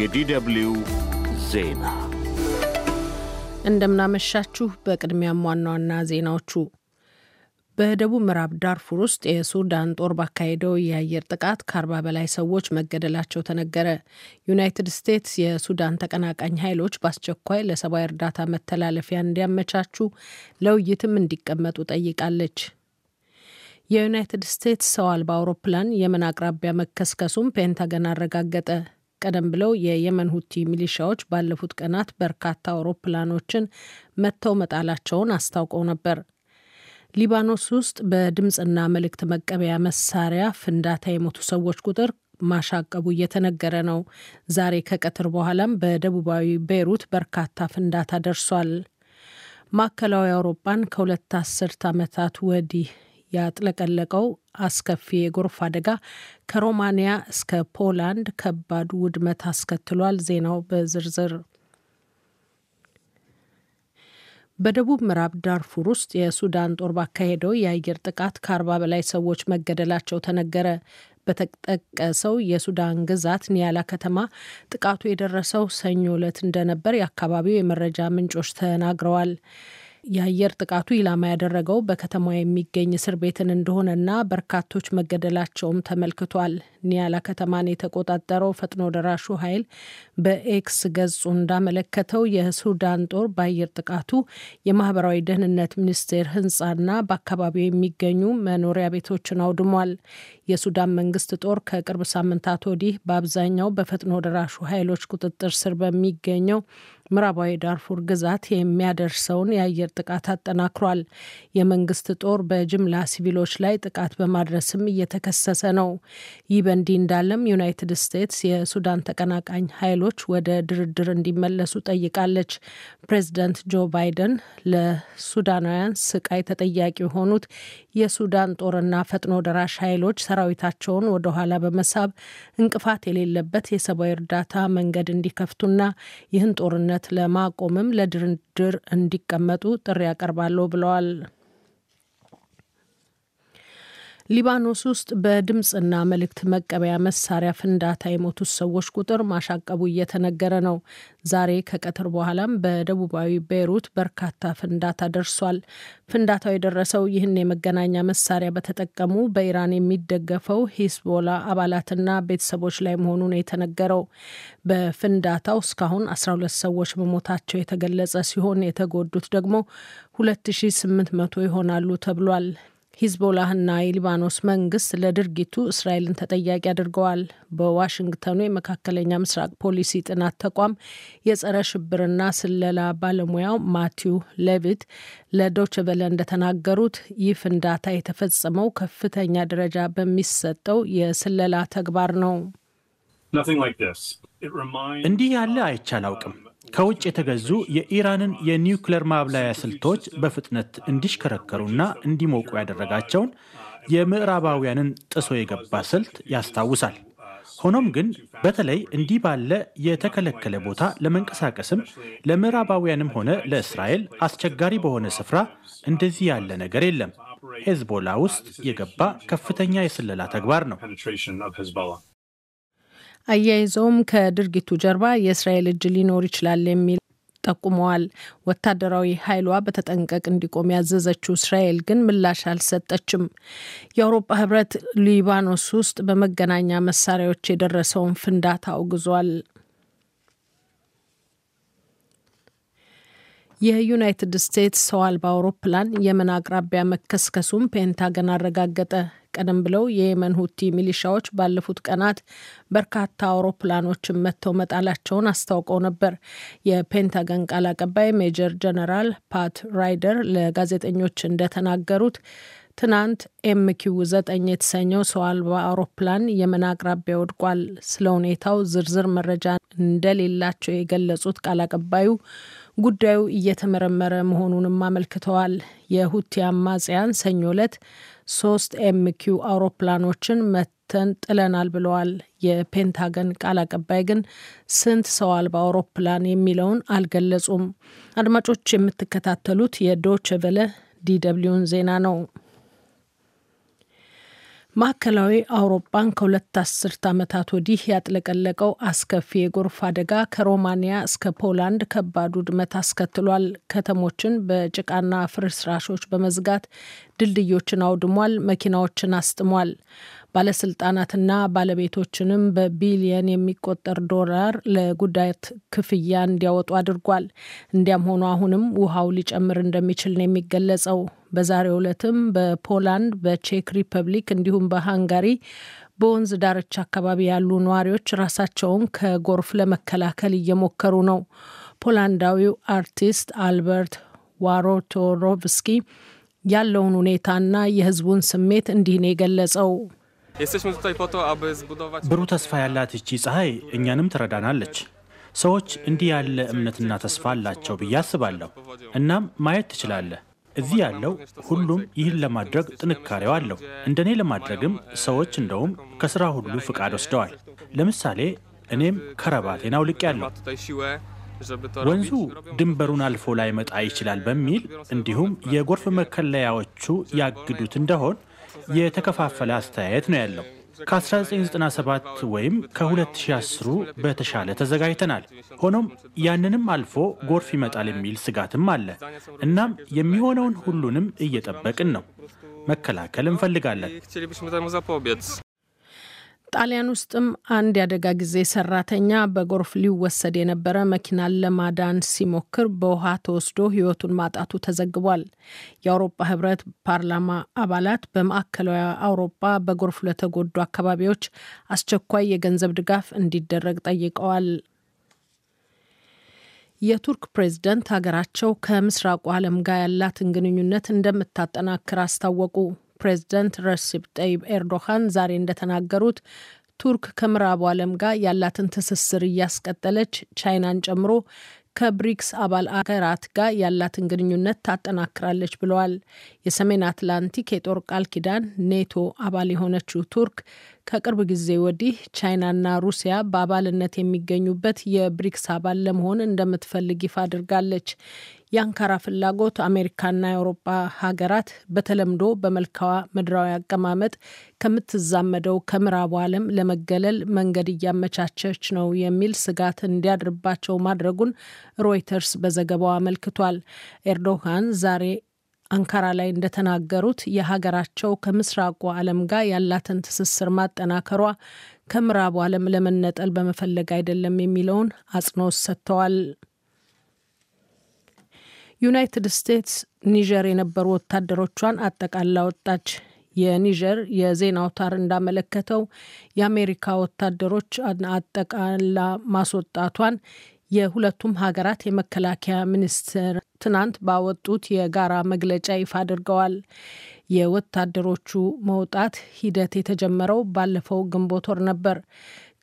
የዲደብሊው ዜና እንደምናመሻችሁ። በቅድሚያም ዋና ዋና ዜናዎቹ በደቡብ ምዕራብ ዳርፉር ውስጥ የሱዳን ጦር ባካሄደው የአየር ጥቃት ከአርባ በላይ ሰዎች መገደላቸው ተነገረ። ዩናይትድ ስቴትስ የሱዳን ተቀናቃኝ ኃይሎች በአስቸኳይ ለሰብዊ እርዳታ መተላለፊያ እንዲያመቻቹ ለውይይትም እንዲቀመጡ ጠይቃለች። የዩናይትድ ስቴትስ ሰው አልባ አውሮፕላን የመን አቅራቢያ መከስከሱም ፔንታገን አረጋገጠ። ቀደም ብለው የየመን ሁቲ ሚሊሻዎች ባለፉት ቀናት በርካታ አውሮፕላኖችን መጥተው መጣላቸውን አስታውቀው ነበር። ሊባኖስ ውስጥ በድምፅና መልእክት መቀበያ መሳሪያ ፍንዳታ የሞቱ ሰዎች ቁጥር ማሻቀቡ እየተነገረ ነው። ዛሬ ከቀትር በኋላም በደቡባዊ ቤይሩት በርካታ ፍንዳታ ደርሷል። ማዕከላዊ አውሮፓን ከሁለት አስርት ዓመታት ወዲህ ያጥለቀለቀው አስከፊ የጎርፍ አደጋ ከሮማንያ እስከ ፖላንድ ከባድ ውድመት አስከትሏል። ዜናው በዝርዝር በደቡብ ምዕራብ ዳርፉር ውስጥ የሱዳን ጦር ባካሄደው የአየር ጥቃት ከአርባ በላይ ሰዎች መገደላቸው ተነገረ። በተጠቀሰው የሱዳን ግዛት ኒያላ ከተማ ጥቃቱ የደረሰው ሰኞ ዕለት እንደነበር የአካባቢው የመረጃ ምንጮች ተናግረዋል። የአየር ጥቃቱ ኢላማ ያደረገው በከተማ የሚገኝ እስር ቤትን እንደሆነና በርካቶች መገደላቸውም ተመልክቷል። ኒያላ ከተማን የተቆጣጠረው ፈጥኖ ደራሹ ኃይል በኤክስ ገጹ እንዳመለከተው የሱዳን ጦር በአየር ጥቃቱ የማህበራዊ ደህንነት ሚኒስቴር ህንፃና በአካባቢው የሚገኙ መኖሪያ ቤቶችን አውድሟል። የሱዳን መንግስት ጦር ከቅርብ ሳምንታት ወዲህ በአብዛኛው በፈጥኖ ደራሹ ኃይሎች ቁጥጥር ስር በሚገኘው ምዕራባዊ ዳርፉር ግዛት የሚያደርሰውን የአየር ጥቃት አጠናክሯል። የመንግስት ጦር በጅምላ ሲቪሎች ላይ ጥቃት በማድረስም እየተከሰሰ ነው። ይህ በእንዲህ እንዳለም ዩናይትድ ስቴትስ የሱዳን ተቀናቃኝ ኃይሎች ወደ ድርድር እንዲመለሱ ጠይቃለች። ፕሬዚደንት ጆ ባይደን ለሱዳናውያን ስቃይ ተጠያቂ የሆኑት የሱዳን ጦርና ፈጥኖ ደራሽ ኃይሎች ሰራዊታቸውን ወደኋላ በመሳብ እንቅፋት የሌለበት የሰብአዊ እርዳታ መንገድ እንዲከፍቱና ይህን ጦርነት ለማቆምም ለድርድር እንዲቀመጡ ጥሪ ያቀርባሉ ብለዋል። ሊባኖስ ውስጥ በድምፅና መልእክት መቀበያ መሳሪያ ፍንዳታ የሞቱት ሰዎች ቁጥር ማሻቀቡ እየተነገረ ነው። ዛሬ ከቀትር በኋላም በደቡባዊ ቤይሩት በርካታ ፍንዳታ ደርሷል። ፍንዳታው የደረሰው ይህን የመገናኛ መሳሪያ በተጠቀሙ በኢራን የሚደገፈው ሂዝቦላ አባላትና ቤተሰቦች ላይ መሆኑ ነው የተነገረው። በፍንዳታው እስካሁን 12 ሰዎች መሞታቸው የተገለጸ ሲሆን የተጎዱት ደግሞ 2800 ይሆናሉ ተብሏል። ሂዝቦላህና የሊባኖስ መንግስት ለድርጊቱ እስራኤልን ተጠያቂ አድርገዋል። በዋሽንግተኑ የመካከለኛ ምስራቅ ፖሊሲ ጥናት ተቋም የጸረ ሽብርና ስለላ ባለሙያው ማቲው ሌቪት ለዶች በለ እንደተናገሩት ይህ ፍንዳታ የተፈጸመው ከፍተኛ ደረጃ በሚሰጠው የስለላ ተግባር ነው። እንዲህ ያለ አይቻል አውቅም። ከውጭ የተገዙ የኢራንን የኒውክሌር ማብላያ ስልቶች በፍጥነት እንዲሽከረከሩና እንዲሞቁ ያደረጋቸውን የምዕራባውያንን ጥሶ የገባ ስልት ያስታውሳል። ሆኖም ግን በተለይ እንዲህ ባለ የተከለከለ ቦታ ለመንቀሳቀስም ለምዕራባውያንም ሆነ ለእስራኤል አስቸጋሪ በሆነ ስፍራ እንደዚህ ያለ ነገር የለም። ሄዝቦላ ውስጥ የገባ ከፍተኛ የስለላ ተግባር ነው። አያይዘውም ከድርጊቱ ጀርባ የእስራኤል እጅ ሊኖር ይችላል የሚል ጠቁመዋል። ወታደራዊ ኃይሏ በተጠንቀቅ እንዲቆም ያዘዘችው እስራኤል ግን ምላሽ አልሰጠችም። የአውሮፓ ህብረት ሊባኖስ ውስጥ በመገናኛ መሳሪያዎች የደረሰውን ፍንዳታ አውግዟል። የዩናይትድ ስቴትስ ሰው አልባ አውሮፕላን የመን አቅራቢያ መከስከሱን ፔንታገን አረጋገጠ። ቀደም ብለው የየመን ሁቲ ሚሊሻዎች ባለፉት ቀናት በርካታ አውሮፕላኖችን መጥተው መጣላቸውን አስታውቀው ነበር። የፔንታገን ቃል አቀባይ ሜጀር ጀነራል ፓት ራይደር ለጋዜጠኞች እንደተናገሩት ትናንት ኤምኪው ዘጠኝ የተሰኘው ሰው አልባ አውሮፕላን የመን አቅራቢያ ወድቋል። ስለ ሁኔታው ዝርዝር መረጃ እንደሌላቸው የገለጹት ቃል አቀባዩ ጉዳዩ እየተመረመረ መሆኑንም አመልክተዋል። የሁቲ አማጽያን ሰኞ ዕለት ሶስት ኤምኪው አውሮፕላኖችን መተን ጥለናል ብለዋል። የፔንታገን ቃል አቀባይ ግን ስንት ሰው አልባ አውሮፕላን የሚለውን አልገለጹም። አድማጮች የምትከታተሉት የዶችቨለ ቨለ ዜና ነው። ማዕከላዊ አውሮፓን ከሁለት አስርት ዓመታት ወዲህ ያጥለቀለቀው አስከፊ የጎርፍ አደጋ ከሮማንያ እስከ ፖላንድ ከባድ ውድመት አስከትሏል። ከተሞችን በጭቃና ፍርስራሾች በመዝጋት ድልድዮችን አውድሟል፣ መኪናዎችን አስጥሟል። ባለስልጣናትና ባለቤቶችንም በቢሊየን የሚቆጠር ዶላር ለጉዳት ክፍያ እንዲያወጡ አድርጓል። እንዲያም ሆኖ አሁንም ውሃው ሊጨምር እንደሚችል ነው የሚገለጸው። በዛሬው ዕለትም በፖላንድ፣ በቼክ ሪፐብሊክ እንዲሁም በሃንጋሪ በወንዝ ዳርቻ አካባቢ ያሉ ነዋሪዎች ራሳቸውን ከጎርፍ ለመከላከል እየሞከሩ ነው። ፖላንዳዊው አርቲስት አልበርት ዋሮቶሮቭስኪ ያለውን ሁኔታና የሕዝቡን ስሜት እንዲህ ነው የገለጸው። ብሩህ ተስፋ ያላት እቺ ፀሐይ እኛንም ትረዳናለች። ሰዎች እንዲህ ያለ እምነትና ተስፋ አላቸው ብዬ አስባለሁ። እናም ማየት ትችላለህ። እዚህ ያለው ሁሉም ይህን ለማድረግ ጥንካሬው አለው። እንደኔ ለማድረግም ሰዎች እንደውም ከስራ ሁሉ ፍቃድ ወስደዋል። ለምሳሌ እኔም ከረባቴን ያለው ወንዙ ድንበሩን አልፎ ላይመጣ ይችላል በሚል እንዲሁም የጎርፍ መከለያዎቹ ያግዱት እንደሆን የተከፋፈለ አስተያየት ነው ያለው። ከ1997 ወይም ከ2010 በተሻለ ተዘጋጅተናል። ሆኖም ያንንም አልፎ ጎርፍ ይመጣል የሚል ስጋትም አለ። እናም የሚሆነውን ሁሉንም እየጠበቅን ነው። መከላከል እንፈልጋለን። ጣሊያን ውስጥም አንድ የአደጋ ጊዜ ሰራተኛ በጎርፍ ሊወሰድ የነበረ መኪናን ለማዳን ሲሞክር በውሃ ተወስዶ ሕይወቱን ማጣቱ ተዘግቧል። የአውሮፓ ሕብረት ፓርላማ አባላት በማዕከላዊ አውሮፓ በጎርፍ ለተጎዱ አካባቢዎች አስቸኳይ የገንዘብ ድጋፍ እንዲደረግ ጠይቀዋል። የቱርክ ፕሬዝደንት ሀገራቸው ከምስራቁ ዓለም ጋር ያላትን ግንኙነት እንደምታጠናክር አስታወቁ። ፕሬዝደንት ረሲፕ ጠይብ ኤርዶሃን ዛሬ እንደተናገሩት ቱርክ ከምዕራቡ ዓለም ጋር ያላትን ትስስር እያስቀጠለች ቻይናን ጨምሮ ከብሪክስ አባል አገራት ጋር ያላትን ግንኙነት ታጠናክራለች ብለዋል። የሰሜን አትላንቲክ የጦር ቃል ኪዳን ኔቶ አባል የሆነችው ቱርክ ከቅርብ ጊዜ ወዲህ ቻይናና ሩሲያ በአባልነት የሚገኙበት የብሪክስ አባል ለመሆን እንደምትፈልግ ይፋ አድርጋለች። የአንካራ ፍላጎት አሜሪካና የአውሮፓ ሀገራት በተለምዶ በመልካዋ ምድራዊ አቀማመጥ ከምትዛመደው ከምዕራቡ ዓለም ለመገለል መንገድ እያመቻቸች ነው የሚል ስጋት እንዲያድርባቸው ማድረጉን ሮይተርስ በዘገባው አመልክቷል። ኤርዶጋን ዛሬ አንካራ ላይ እንደተናገሩት የሀገራቸው ከምስራቁ ዓለም ጋር ያላትን ትስስር ማጠናከሯ ከምዕራቡ ዓለም ለመነጠል በመፈለግ አይደለም የሚለውን አጽንኦት ሰጥተዋል። ዩናይትድ ስቴትስ ኒጀር የነበሩ ወታደሮቿን አጠቃላ ወጣች። የኒጀር የዜና አውታር እንዳመለከተው የአሜሪካ ወታደሮች አጠቃላ ማስወጣቷን የሁለቱም ሀገራት የመከላከያ ሚኒስትር ትናንት ባወጡት የጋራ መግለጫ ይፋ አድርገዋል። የወታደሮቹ መውጣት ሂደት የተጀመረው ባለፈው ግንቦት ወር ነበር።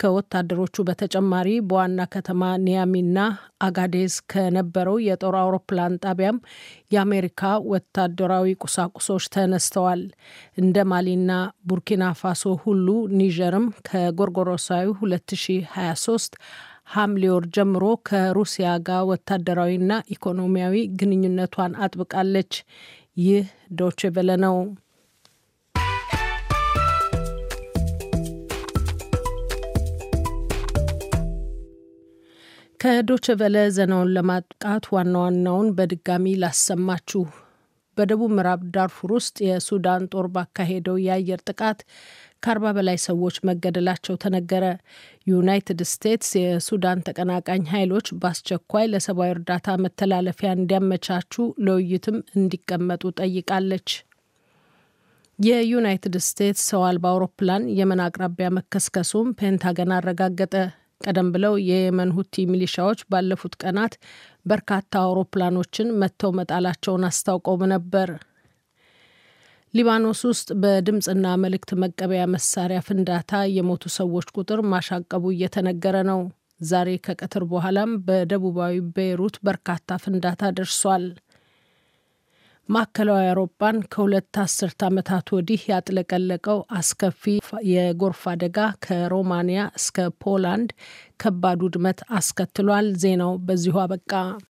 ከወታደሮቹ በተጨማሪ በዋና ከተማ ኒያሚና አጋዴዝ ከነበረው የጦር አውሮፕላን ጣቢያም የአሜሪካ ወታደራዊ ቁሳቁሶች ተነስተዋል። እንደ ማሊና ቡርኪና ፋሶ ሁሉ ኒጀርም ከጎርጎሮሳዊ 2023 ሐምሌ ወር ጀምሮ ከሩሲያ ጋር ወታደራዊና ኢኮኖሚያዊ ግንኙነቷን አጥብቃለች። ይህ ዶችቬለ ነው። ከዶቸቨለ ዜናውን ለማጥቃት ዋና ዋናውን በድጋሚ ላሰማችሁ። በደቡብ ምዕራብ ዳርፉር ውስጥ የሱዳን ጦር ባካሄደው የአየር ጥቃት ከአርባ በላይ ሰዎች መገደላቸው ተነገረ። ዩናይትድ ስቴትስ የሱዳን ተቀናቃኝ ኃይሎች በአስቸኳይ ለሰብአዊ እርዳታ መተላለፊያ እንዲያመቻቹ ለውይይትም እንዲቀመጡ ጠይቃለች። የዩናይትድ ስቴትስ ሰው አልባ አውሮፕላን የመን አቅራቢያ መከስከሱም ፔንታገን አረጋገጠ። ቀደም ብለው የየመን ሁቲ ሚሊሻዎች ባለፉት ቀናት በርካታ አውሮፕላኖችን መጥተው መጣላቸውን አስታውቀው ነበር። ሊባኖስ ውስጥ በድምፅና መልእክት መቀበያ መሳሪያ ፍንዳታ የሞቱ ሰዎች ቁጥር ማሻቀቡ እየተነገረ ነው። ዛሬ ከቀትር በኋላም በደቡባዊ ቤይሩት በርካታ ፍንዳታ ደርሷል። ማዕከላዊ አውሮፓን ከሁለት አስርት ዓመታት ወዲህ ያጥለቀለቀው አስከፊ የጎርፍ አደጋ ከሮማንያ እስከ ፖላንድ ከባድ ውድመት አስከትሏል። ዜናው በዚሁ አበቃ።